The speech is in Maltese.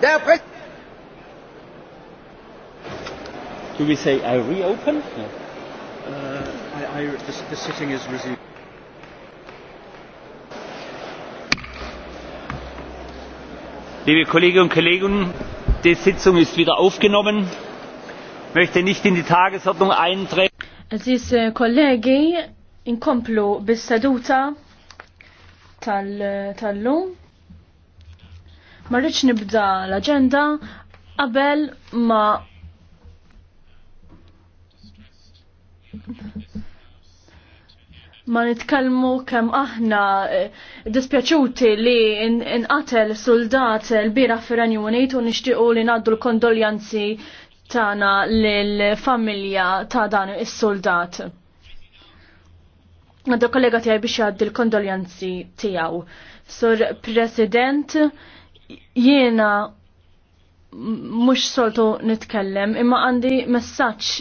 D'après. Do we say I reopen? No. Uh, I, I, the, the sitting is resumed. Liebe Kolleginnen und Kollegen, die Sitzung ist wieder aufgenommen. Ich möchte nicht in die Tagesordnung eintreten. Aziz äh, kollegi, inkomplu bis-seduta äh, tal-lum. Tal Marriċ nibda l-agenda qabel ma ma nitkellmu kemm aħna eh, dispjaċuti li inqatel in soldat l-bira fir Unit u nixtiequ li ngħaddu l-kondoljanzi tagħna lill-familja ta' dan is-soldat. Għaddu kollega tiegħi biex jgħaddi l-kondoljanzi tiegħu. Sur President, jiena mhux soltu nitkellem imma għandi messaġġ